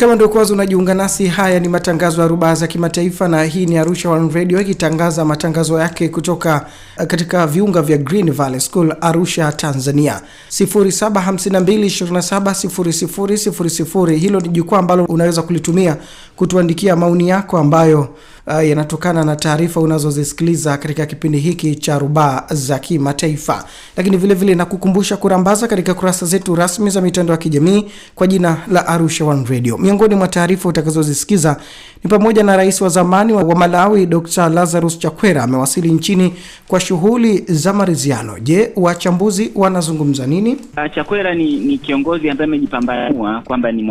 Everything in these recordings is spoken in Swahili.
Kama ndio kwanza unajiunga nasi, haya ni matangazo ya rubaa za kimataifa, na hii ni Arusha One Radio ikitangaza matangazo yake kutoka eh, katika viunga vya Green Valley School, Arusha, Tanzania. 0752270000 hilo ni jukwaa ambalo unaweza kulitumia kutuandikia maoni yako ambayo uh, yanatokana na taarifa unazozisikiliza katika kipindi hiki cha Rubaa za Kimataifa, lakini vile vile nakukumbusha kurambaza katika kurasa zetu rasmi za mitandao ya kijamii kwa jina la Arusha One Radio. Miongoni mwa taarifa utakazozisikiza ni pamoja na rais wa zamani wa Malawi Dr. Lazarus Chakwera amewasili nchini kwa shughuli za maridhiano. Je, wachambuzi wanazungumza nini? Ah, Chakwera ni, ni kiongozi ambaye amejipambanua kwamba ni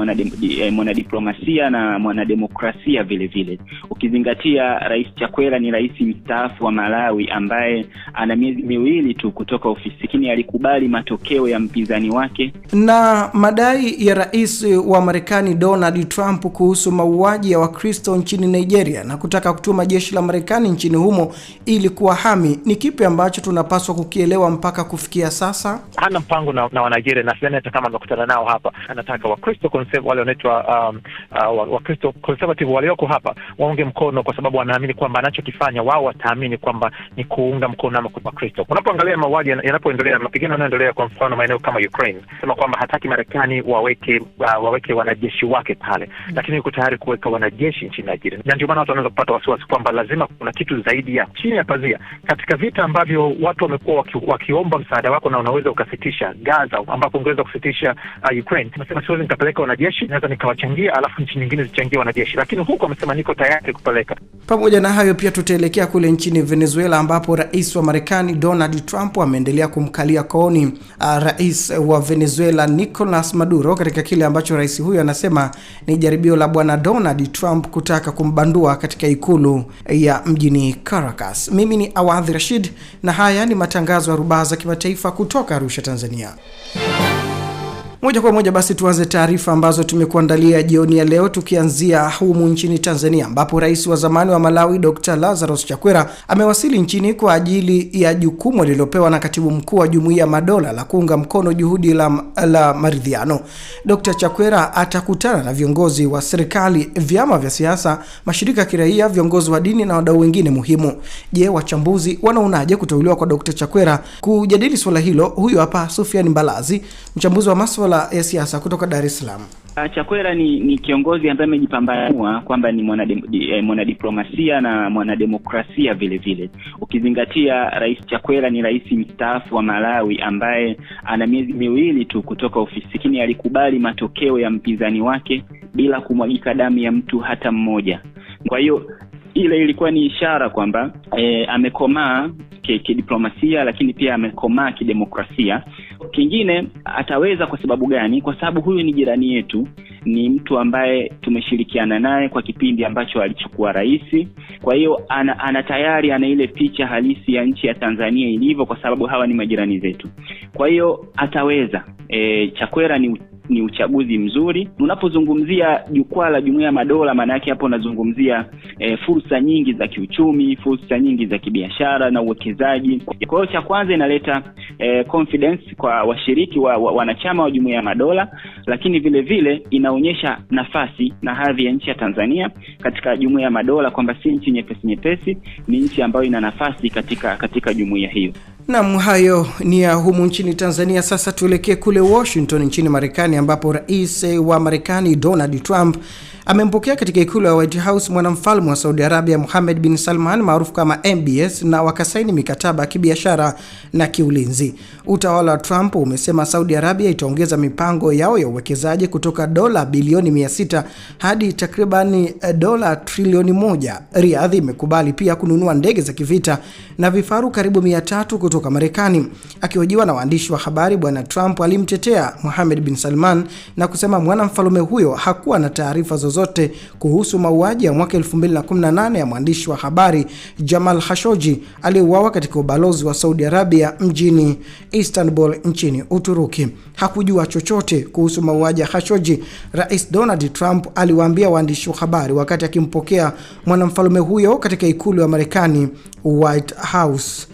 mwanadiplomasia mwana eh, na mwanademokrasia vile vile, ukizingatia rais Chakwera ni rais mstaafu wa Malawi ambaye ana miezi miwili tu kutoka ofisi, lakini alikubali matokeo ya mpinzani wake. Na madai ya rais wa Marekani Donald Trump kuhusu mauaji ya Wakristo Wakristo nchini Nigeria na kutaka kutuma jeshi la Marekani nchini humo ili kuwahami. Ni kipi ambacho tunapaswa kukielewa mpaka kufikia sasa? Hana mpango na, na Wanigeria na sidhani hata kama amekutana nao hapa. Anataka Wakristo wale wanaitwa um, uh, Wakristo conservative walioko hapa waunge mkono, kwa sababu wanaamini kwamba anachokifanya wao wataamini kwamba ni kuunga mkono ama Wakristo. Unapoangalia mauaji yanapoendelea, mapigano yanayoendelea, kwa mfano maeneo kama Ukraine, sema kwamba hataki Marekani waweke uh, waweke wanajeshi wake pale, mm. lakini yuko tayari kuweka wanajeshi nchi Nigeria, na ndio maana watu wanaweza kupata wasiwasi kwamba lazima kuna kitu zaidi ya chini ya pazia katika vita ambavyo watu wamekuwa waki, wakiomba msaada wako na unaweza ukasitisha Gaza, ambapo ungeweza kusitisha uh, Ukraine. Amesema siwezi nikapeleka wanajeshi, naweza nikawachangia, alafu nchi nyingine zichangie wanajeshi, lakini huku amesema niko tayari kupeleka. Pamoja na hayo, pia tutaelekea kule nchini Venezuela ambapo rais wa Marekani Donald Trump ameendelea kumkalia kooni uh, rais wa Venezuela Nicolas Maduro katika kile ambacho rais huyo anasema ni jaribio la bwana Donald Trump kutaka kumbandua katika ikulu ya mjini Caracas. Mimi ni Awadhi Rashid na haya ni matangazo ya rubaa za kimataifa kutoka Arusha, Tanzania. Moja kwa moja basi tuanze taarifa ambazo tumekuandalia jioni ya leo, tukianzia humu nchini Tanzania ambapo rais wa zamani wa Malawi Dr. Lazarus Chakwera amewasili nchini kwa ajili ya jukumu lililopewa na katibu mkuu wa Jumuiya Madola la kuunga mkono juhudi la, la maridhiano. Dr. Chakwera atakutana na viongozi wa serikali, vyama vya siasa, mashirika ya kiraia, viongozi wa dini na wadau wengine muhimu. Je, wachambuzi wanaonaje kuteuliwa kwa Dr. Chakwera? Kujadili suala hilo, huyu hapa Sufian Mbalazi, mchambuzi wa masuala la ya siasa kutoka Dar es Salaam. Ah, Chakwera ni, ni kiongozi ambaye amejipambanua kwamba ni mwanadiplomasia eh, na mwanademokrasia vile vile, ukizingatia Rais Chakwera ni rais mstaafu wa Malawi ambaye ana miezi miwili tu kutoka ofisi, lakini alikubali matokeo ya mpinzani wake bila kumwagika damu ya mtu hata mmoja. Kwa hiyo ile ilikuwa ni ishara kwamba e, amekomaa kidiplomasia, lakini pia amekomaa kidemokrasia. Kingine ataweza kwa sababu gani? Kwa sababu huyu ni jirani yetu, ni mtu ambaye tumeshirikiana naye kwa kipindi ambacho alichukua rahisi Kwa hiyo ana, ana tayari ana ile picha halisi ya nchi ya Tanzania ilivyo, kwa sababu hawa ni majirani zetu. Kwa hiyo ataweza. E, Chakwera ni ni uchaguzi mzuri. Unapozungumzia jukwaa la Jumuiya ya Madola, maana yake hapo unazungumzia e, fursa nyingi za kiuchumi, fursa nyingi za kibiashara na uwekezaji. Kwa hiyo cha kwanza inaleta e, confidence kwa washiriki wa, wa, wanachama wa Jumuiya ya Madola, lakini vile vile inaonyesha nafasi na hadhi ya nchi ya Tanzania katika Jumuiya ya Madola kwamba si nchi nyepesi nyepesi, ni nchi ambayo ina nafasi katika katika jumuiya hiyo. Nam, hayo ni ya humu nchini Tanzania. Sasa tuelekee kule Washington nchini Marekani, ambapo rais wa Marekani Donald Trump amempokea katika ikulu ya White House mwanamfalme wa Saudi Arabia Mohammed bin Salman maarufu kama MBS, na wakasaini mikataba ya kibiashara na kiulinzi. Utawala wa Trump umesema Saudi Arabia itaongeza mipango yao ya uwekezaji kutoka dola bilioni 600 hadi takriban eh, dola trilioni moja. Riadhi imekubali pia kununua ndege za kivita na vifaru karibu 300 kutoka kutoka Marekani. Akihojiwa na waandishi wa habari, bwana Trump alimtetea Mohammed bin Salman na kusema mwanamfalume huyo hakuwa na taarifa zozote kuhusu mauaji ya mwaka 2018 ya mwandishi wa habari Jamal Khashoggi aliyeuawa katika ubalozi wa Saudi Arabia mjini Istanbul nchini Uturuki. Hakujua chochote kuhusu mauaji ya Khashoggi. Rais Donald Trump aliwaambia waandishi wa habari wakati akimpokea mwanamfalume huyo katika ikulu ya Marekani, White House.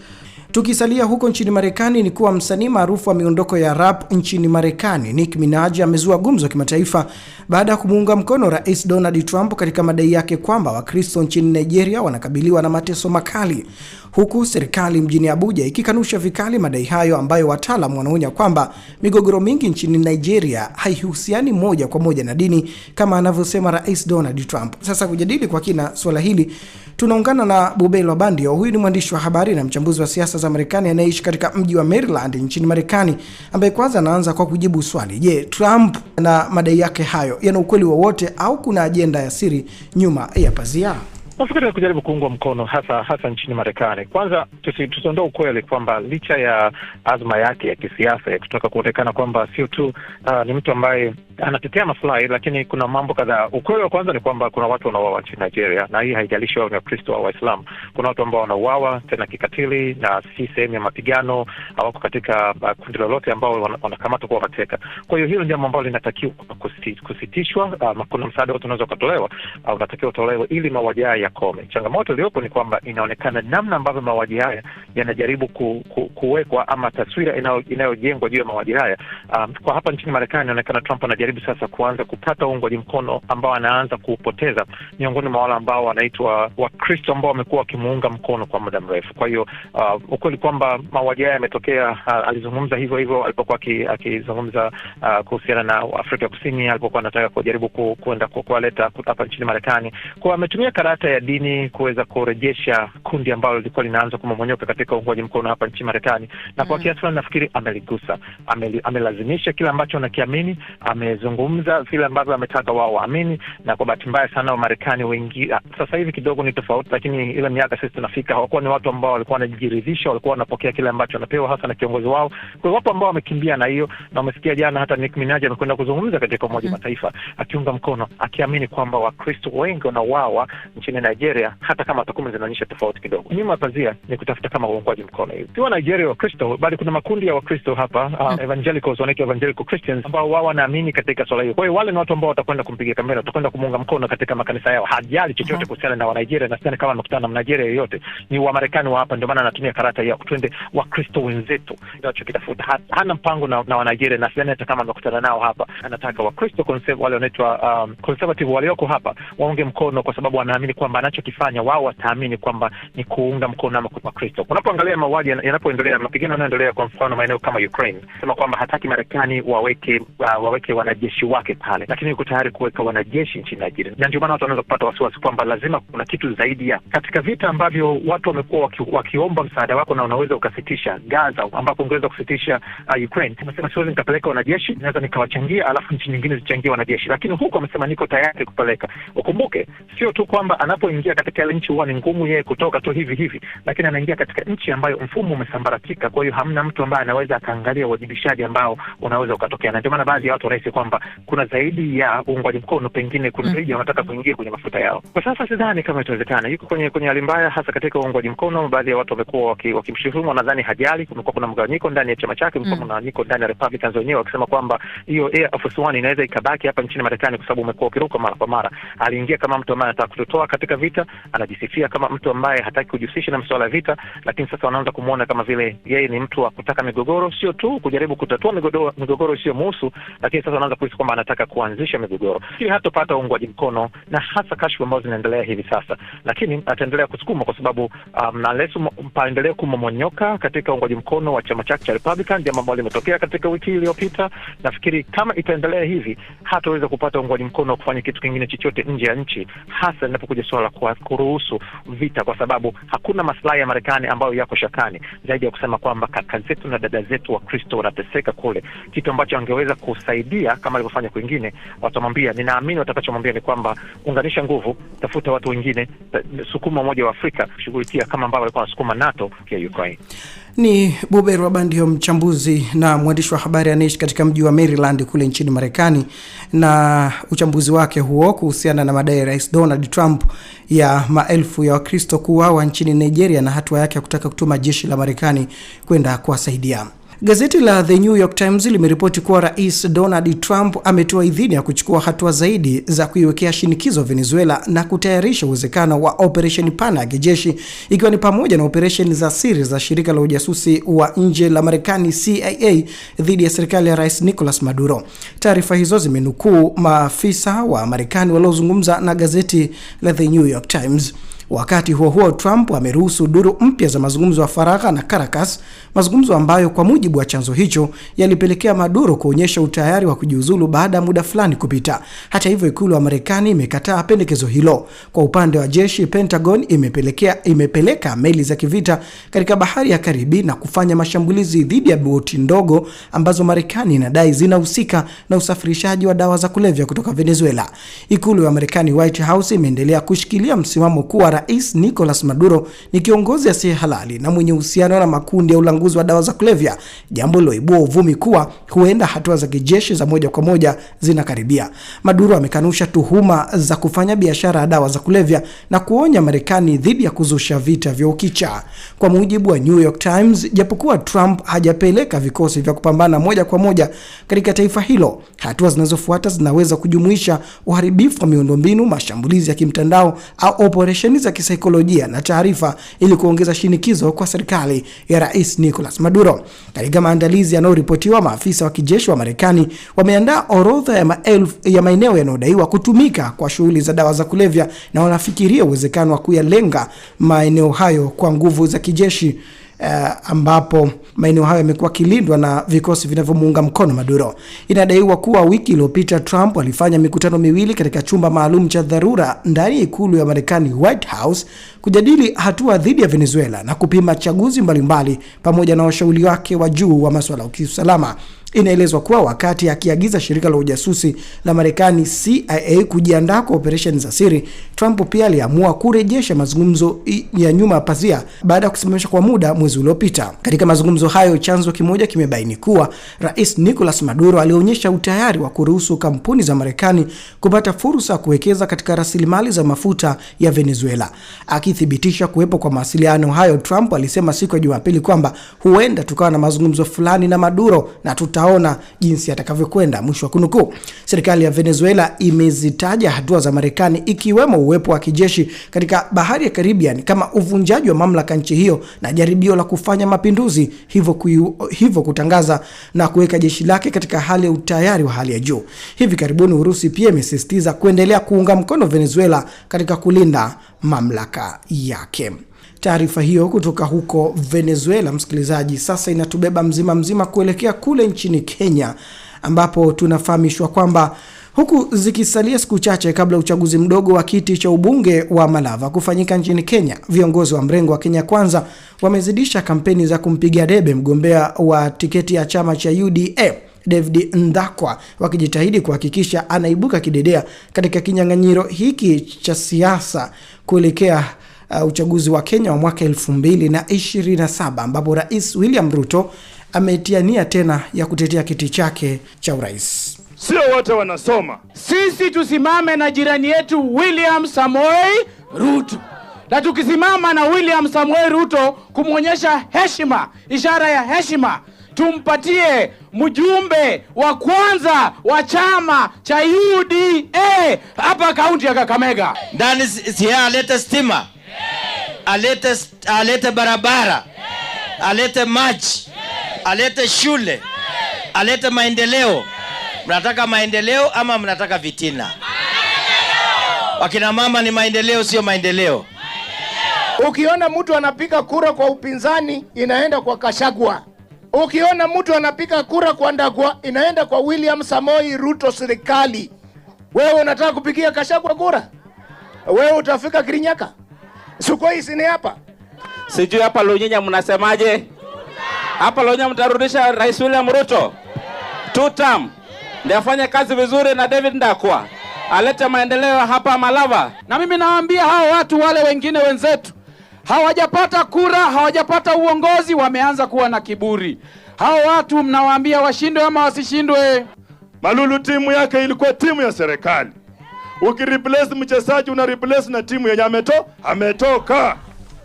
Tukisalia huko nchini Marekani ni kuwa msanii maarufu wa miondoko ya rap nchini Marekani Nicki Minaj amezua gumzo kimataifa baada ya kumuunga mkono Rais Donald Trump katika madai yake kwamba Wakristo nchini Nigeria wanakabiliwa na mateso makali, huku serikali mjini Abuja ikikanusha vikali madai hayo ambayo wataalamu wanaonya kwamba migogoro mingi nchini Nigeria haihusiani moja kwa moja na dini kama anavyosema Rais Donald Trump. Sasa kujadili kwa kina suala hili tunaungana na Bubelwa Bandio, huyu ni mwandishi wa habari na mchambuzi wa siasa za Marekani anayeishi katika mji wa Maryland nchini Marekani, ambaye kwanza anaanza kwa kujibu swali, je, Trump na madai yake hayo yana ukweli wowote au kuna ajenda ya siri nyuma ya pazia? Nafikiri ya kujaribu kuungwa mkono hasa hasa nchini Marekani. Kwanza tusiondoe ukweli kwamba licha ya azma yake ya kisiasa ya kutoka kuonekana kwamba sio tu uh, ni mtu ambaye anatetea maslahi, lakini kuna mambo kadhaa. Ukweli wa kwanza ni kwamba kuna watu wanauawa nchini Nigeria, na hii haijalishi wao ni Wakristo au Waislamu. Kuna watu ambao wanauawa tena kikatili, na si sehemu ya mapigano, awako katika uh, kundi lolote, ambao wanakamatwa kuwa mateka. Kwa hiyo hilo ni jambo ambalo linatakiwa kusitishwa. Uh, kuna msaada wote unaweza ukatolewa, uh, unatakiwa utolewe ili mauaji haya yakome. Changamoto iliyopo ni kwamba inaonekana namna ambavyo mauaji haya yanajaribu ku, ku, kuwekwa ama taswira inayojengwa juu ya mauaji haya um, kwa hapa nchini Marekani inaonekana Trump anajaribu sasa kuanza kupata uungwaji mkono ambao anaanza kuupoteza miongoni mwa wale ambao wanaitwa Wakristo ambao wamekuwa wakimuunga mkono kwa muda mrefu. Kwa hiyo uh, ukweli kwamba mauaji haya yametokea, uh, alizungumza hivyo hivyo alipokuwa akizungumza uh, kuhusiana na Afrika Kusini alipokuwa anataka kujaribu ku, kuenda kuwaleta hapa nchini Marekani kwa ametumia karata ya dini kuweza kurejesha kundi ambalo lilikuwa linaanza kumomonyoka katika uungwaji mkono hapa nchini Marekani, na kwa mm. kiasi fulani nafikiri ameligusa, amelazimisha kile ambacho anakiamini, amezungumza vile ambavyo ametaka wao waamini, na kwa bahati mbaya sana Wamarekani wengi ah, sasa hivi kidogo ni tofauti, lakini ile miaka sisi tunafika, hawakuwa ni watu ambao walikuwa wanajiridhisha, walikuwa wanapokea kile ambacho wanapewa hasa na kiongozi wao. Kwa hiyo wapo ambao wamekimbia na hiyo, na umesikia jana hata Nick Minaj amekwenda kuzungumza katika Umoja mm. Mataifa akiunga mkono akiamini kwamba Wakristo wengi wanawawa nchini Nigeria, hata kama takwimu zinaonyesha tofauti kidogo. Nyuma ya pazia ni kutafuta kama uongwaji mkono hivi, siwa Nigeria Wakristo, bali kuna makundi ya Wakristo hapa uh, hmm. evangelicals wanaitwa evangelical Christians ambao wao wanaamini katika swala hiyo. Kwa hiyo wale ni watu ambao watakwenda kumpiga kamera, watakwenda kumuunga mkono katika makanisa yao, hajali chochote hmm. kuhusiana na Wanigeria na sidhani kama amekutana na Mnigeria yoyote, ni Wamarekani wa hapa. Ndio maana anatumia karata ya twende Wakristo wenzetu, ndio anachokitafuta. Hana mpango na, na Wanigeria na sidhani hata kama amekutana nao hapa. Anataka Wakristo wale wanaitwa um, conservative walioko hapa waunge mkono kwa sababu wanaamini kwamba kwamba anachokifanya wao wataamini kwamba ni kuunga mkono ama kwa Kristo. Unapoangalia mauaji yanapoendelea, mapigano yanaendelea, kwa mfano maeneo kama Ukraine, sema kwamba hataki Marekani waweke uh, waweke wanajeshi wake pale, lakini yuko tayari kuweka wanajeshi nchini Nigeria, na ndio maana watu wanaweza kupata wasiwasi kwamba lazima kuna kitu zaidi ya katika vita ambavyo watu wamekuwa waki, wakiomba msaada wako na unaweza ukasitisha Gaza, ambapo ungeweza kusitisha uh, Ukraine. Amesema siwezi nikapeleka wanajeshi, naweza nikawachangia, alafu nchi nyingine zichangie wanajeshi, lakini huku amesema niko tayari kupeleka. Ukumbuke sio tu kwamba anapo anapoingia katika ile nchi huwa ni ngumu yeye kutoka tu hivi hivi, lakini anaingia katika nchi ambayo mfumo umesambaratika. Kwa hiyo hamna mtu ambaye anaweza akaangalia uwajibishaji ambao unaweza ukatokea, na ndio maana baadhi ya watu wanahisi kwamba kuna zaidi ya uungwaji mkono, pengine kuna mm. zaidi ya wanataka kuingia kwenye mafuta yao. Kwa sasa sidhani kama itawezekana, yuko kwenye kwenye hali mbaya, hasa katika uungwaji mkono. Baadhi ya watu wamekuwa wakimshutumu, nadhani hajali. Kumekuwa kuna mgawanyiko ndani ya chama chake, kumekuwa mm. mgawanyiko ndani ya Republicans wenyewe wakisema kwamba hiyo Air Force One inaweza ikabaki hapa nchini Marekani kwa sababu umekuwa ukiruka mara kwa mara. Aliingia kama mtu ambaye anataka kutotoa katika katika vita, anajisifia kama mtu ambaye hataki kujihusisha na masuala ya vita, lakini sasa wanaanza kumwona kama vile yeye ni mtu wa kutaka migogoro, sio tu kujaribu kutatua migogoro, migogoro muhusu, lakini sasa wanaanza kuhisi kwamba anataka kuanzisha migogoro. Hii hatopata uungwaji mkono na hasa kashfa ambazo zinaendelea hivi sasa, lakini ataendelea kusukuma kwa sababu um, na lesu paendelee kumomonyoka katika uungwaji mkono wa chama chake cha Republican, ndio ambalo limetokea katika wiki iliyopita. Nafikiri kama itaendelea hivi hataweza kupata uungwaji mkono wa kufanya kitu kingine chochote nje ya nchi, hasa inapokuja swala kuruhusu vita, kwa sababu hakuna maslahi ya Marekani ambayo yako shakani zaidi ya kusema kwamba kaka zetu na dada zetu wa Kristo wanateseka kule, kitu ambacho angeweza kusaidia kama alivyofanya kwingine. Watamwambia, ninaamini watakachomwambia ni kwamba unganisha nguvu, tafuta watu wengine, eh, sukuma Umoja wa Afrika kushughulikia kama ambavyo walikuwa wanasukuma NATO ya Ukraine. Ni Bube Rwaba ndio mchambuzi na mwandishi wa habari anaishi katika mji wa Maryland kule nchini Marekani, na uchambuzi wake huo kuhusiana na madai ya Rais Donald Trump ya maelfu ya Wakristo kuwawa nchini Nigeria na hatua yake ya kutaka kutuma jeshi la Marekani kwenda kuwasaidia. Gazeti la The New York Times limeripoti kuwa Rais Donald Trump ametoa idhini ya kuchukua hatua zaidi za kuiwekea shinikizo Venezuela na kutayarisha uwezekano wa operesheni pana ya kijeshi ikiwa ni pamoja na operesheni za siri za shirika la ujasusi wa nje la Marekani CIA dhidi ya serikali ya Rais Nicolas Maduro. Taarifa hizo zimenukuu maafisa wa Marekani waliozungumza na gazeti la The New York Times. Wakati huo huo, Trump ameruhusu duru mpya za mazungumzo ya faragha na Caracas, mazungumzo ambayo kwa mujibu wa chanzo hicho yalipelekea Maduro kuonyesha utayari wa kujiuzulu baada ya muda fulani kupita. Hata hivyo, ikulu ya Marekani imekataa pendekezo hilo. Kwa upande wa jeshi, Pentagon imepelekea imepeleka meli za kivita katika bahari ya Karibi na kufanya mashambulizi dhidi ya boti ndogo ambazo Marekani inadai zinahusika na usafirishaji wa dawa za kulevya kutoka Venezuela. Ikulu ya Marekani, White House, imeendelea kushikilia msimamo kuwa Rais Nicolas Maduro ni kiongozi asiye halali na mwenye uhusiano na makundi ya ulanguzi wa dawa za kulevya, jambo liloibua uvumi kuwa huenda hatua za kijeshi za moja kwa moja zinakaribia. Maduro amekanusha tuhuma za kufanya biashara ya dawa za kulevya na kuonya Marekani dhidi ya kuzusha vita vya ukicha. Kwa mujibu wa New York Times, japokuwa Trump hajapeleka vikosi vya kupambana moja kwa moja katika taifa hilo, hatua zinazofuata zinaweza kujumuisha uharibifu wa miundombinu, mashambulizi ya kimtandao au operesheni za kisaikolojia na taarifa ili kuongeza shinikizo kwa serikali ya Rais Nicolas Maduro. Katika maandalizi yanayoripotiwa, maafisa wa kijeshi wa Marekani wameandaa orodha ya maelfu ya maeneo yanayodaiwa kutumika kwa shughuli za dawa za kulevya na wanafikiria uwezekano wa kuyalenga maeneo hayo kwa nguvu za kijeshi, uh, ambapo maeneo hayo yamekuwa kilindwa na vikosi vinavyomuunga mkono Maduro. Inadaiwa kuwa wiki iliyopita Trump alifanya mikutano miwili katika chumba maalum cha dharura ndani ya ikulu ya Marekani, White House, kujadili hatua dhidi ya Venezuela na kupima chaguzi mbalimbali mbali, pamoja na washauri wake wa juu wa masuala ya kiusalama. Inaelezwa kuwa wakati akiagiza shirika la ujasusi la Marekani CIA kujiandaa kwa operesheni za siri, Trump pia aliamua kurejesha mazungumzo ya nyuma ya pazia baada ya kusimamisha kwa muda mwezi uliopita. Katika mazungumzo mazungumzo hayo, chanzo kimoja kimebaini kuwa Rais Nicolas Maduro alionyesha utayari wa kuruhusu kampuni za Marekani kupata fursa ya kuwekeza katika rasilimali za mafuta ya Venezuela. Akithibitisha kuwepo kwa mawasiliano hayo, Trump alisema siku ya Jumapili kwamba huenda tukawa na mazungumzo fulani na Maduro na tutaona jinsi atakavyokwenda, mwisho wa kunukuu. Serikali ya Venezuela imezitaja hatua za Marekani ikiwemo uwepo wa kijeshi katika bahari ya Caribbean kama uvunjaji wa mamlaka nchi hiyo na jaribio la kufanya mapinduzi hivyo, kuyu, hivyo kutangaza na kuweka jeshi lake katika hali ya utayari wa hali ya juu. Hivi karibuni Urusi pia imesisitiza kuendelea kuunga mkono Venezuela katika kulinda mamlaka yake. Taarifa hiyo kutoka huko Venezuela, msikilizaji, sasa inatubeba mzima mzima kuelekea kule nchini Kenya ambapo tunafahamishwa kwamba huku zikisalia siku chache kabla uchaguzi mdogo wa kiti cha ubunge wa Malava kufanyika nchini Kenya. Viongozi wa mrengo wa Kenya Kwanza wamezidisha kampeni za kumpiga debe mgombea wa tiketi ya chama cha UDA David Ndakwa wakijitahidi kuhakikisha anaibuka kidedea katika kinyang'anyiro hiki cha siasa kuelekea uh, uchaguzi wa Kenya wa mwaka 2027 ambapo Rais William Ruto ametiania tena ya kutetea kiti chake cha urais sio wote wanasoma. Sisi tusimame na jirani yetu William Samoei Ruto, na tukisimama na William Samoei Ruto kumwonyesha heshima, ishara ya heshima, tumpatie mjumbe wa kwanza wa chama cha UDA hapa kaunti ya Kakamega. Ndani si alete stima, alete, alete barabara, alete maji, alete shule, alete maendeleo Mnataka maendeleo ama mnataka vitina? Wakina mama ni maendeleo, sio maendeleo. Ukiona mtu anapiga kura kwa upinzani inaenda kwa Kashagwa. Ukiona mtu anapiga kura kwa Ndagwa inaenda kwa William Samoi Ruto serikali. Wewe unataka kupigia Kashagwa kura? Wewe utafika Kirinyaka? Sukoi hapa. Sijui hapa Lunyenya mnasemaje? Hapa Lunyenya mtarudisha Rais William Ruto? Two ndiafanya afanye kazi vizuri na David Ndakwa alete maendeleo hapa Malava. Na mimi nawaambia hao watu wale wengine wenzetu hawajapata kura, hawajapata uongozi, wameanza kuwa na kiburi. Hao watu mnawaambia washindwe ama wasishindwe. Malulu timu yake ilikuwa timu ya serikali. Ukireplace mchezaji una replace na timu yenye ameto, ametoka.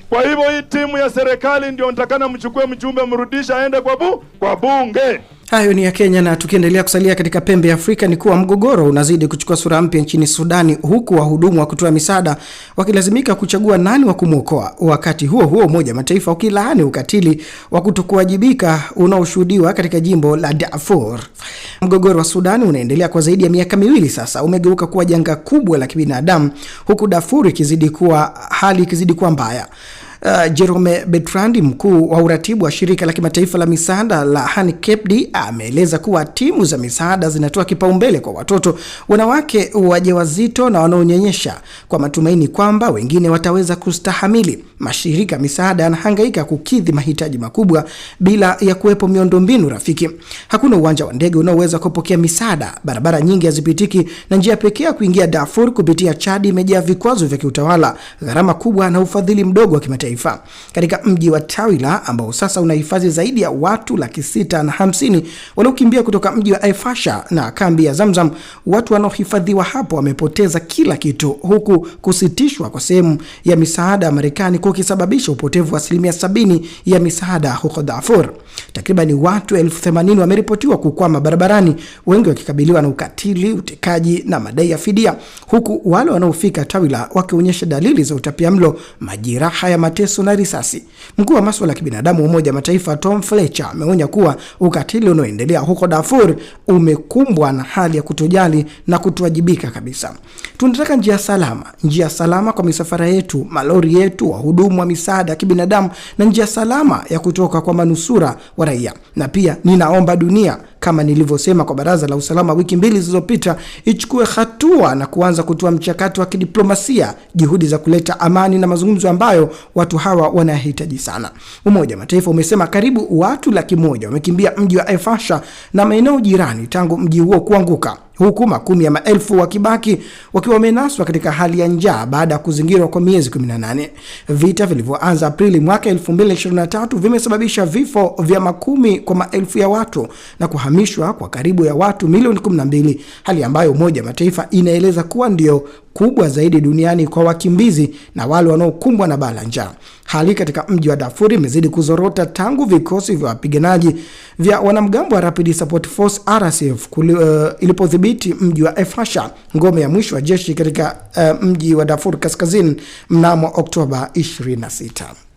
Kwa hivyo hii timu ya serikali ndio nitakana mchukue mjumbe mrudisha aende kwa bu, kwa bunge. Hayo ni ya Kenya, na tukiendelea kusalia katika pembe ya Afrika ni kuwa mgogoro unazidi kuchukua sura mpya nchini Sudani, huku wahudumu wa kutoa misaada wakilazimika kuchagua nani wa kumwokoa. Wakati huo huo, Umoja Mataifa ukilaani ukatili wa kutokuwajibika unaoshuhudiwa katika jimbo la Darfur. Mgogoro wa Sudani unaendelea kwa zaidi ya miaka miwili sasa, umegeuka kuwa janga kubwa la kibinadamu, huku Darfur ikizidi kuwa hali ikizidi kuwa mbaya uh, Jerome Bertrand, mkuu wa uratibu wa shirika la kimataifa la misaada la Handicaped, ameeleza kuwa timu za misaada zinatoa kipaumbele kwa watoto, wanawake wajawazito na wanaonyonyesha kwa matumaini kwamba wengine wataweza kustahamili. Mashirika misaada yanahangaika kukidhi mahitaji makubwa bila ya kuwepo miundombinu rafiki. Hakuna uwanja wa ndege unaoweza kupokea misaada, barabara nyingi hazipitiki, na njia pekee ya kuingia Darfur kupitia Chad imejaa vikwazo vya kiutawala, gharama kubwa na ufadhili mdogo wa kimataifa kitaifa katika mji wa Tawila ambao sasa unahifadhi zaidi ya watu laki sita na hamsini waliokimbia kutoka mji wa Efasha na kambi ya Zamzam. Watu wanaohifadhiwa hapo wamepoteza kila kitu, huku kusitishwa kwa sehemu ya misaada ya Marekani kukisababisha upotevu wa asilimia sabini ya misaada huko Darfur. Takriban watu elfu themanini wameripotiwa kukwama barabarani, wengi wakikabiliwa na ukatili, utekaji na madai ya fidia, huku wale wanaofika tawila wakionyesha dalili za utapiamlo, majeraha ya mateso na risasi. Mkuu wa maswala ya kibinadamu wa Umoja Mataifa Tom Fletcher ameonya kuwa ukatili unaoendelea huko Darfur umekumbwa na hali ya kutojali na kutowajibika kabisa. Tunataka njia salama, njia salama kwa misafara yetu, malori yetu, wahudumu wa misaada ya kibinadamu na njia salama ya kutoka kwa manusura wa raia, na pia ninaomba dunia kama nilivyosema kwa Baraza la Usalama wiki mbili zilizopita, ichukue hatua na kuanza kutoa mchakato wa kidiplomasia, juhudi za kuleta amani na mazungumzo ambayo watu hawa wanahitaji sana. Umoja wa Mataifa umesema karibu watu laki moja wamekimbia mji wa Efasha na maeneo jirani tangu mji huo kuanguka huku makumi ya maelfu wakibaki wakiwa wamenaswa katika hali ya njaa baada ya kuzingirwa kwa miezi 18. Vita vilivyoanza Aprili mwaka 2023 vimesababisha vifo vya makumi kwa maelfu ya watu na kuhamisha kuhamishwa kwa karibu ya watu milioni 12, hali ambayo Umoja wa Mataifa inaeleza kuwa ndio kubwa zaidi duniani kwa wakimbizi na wale wanaokumbwa na baa njaa. Hali katika mji wa Darfur imezidi kuzorota tangu vikosi vya wapiganaji vya wanamgambo wa Rapid Support Force RSF uh, ilipodhibiti mji wa efasha ngome ya mwisho wa jeshi katika uh, mji wa Darfur kaskazini mnamo Oktoba 26.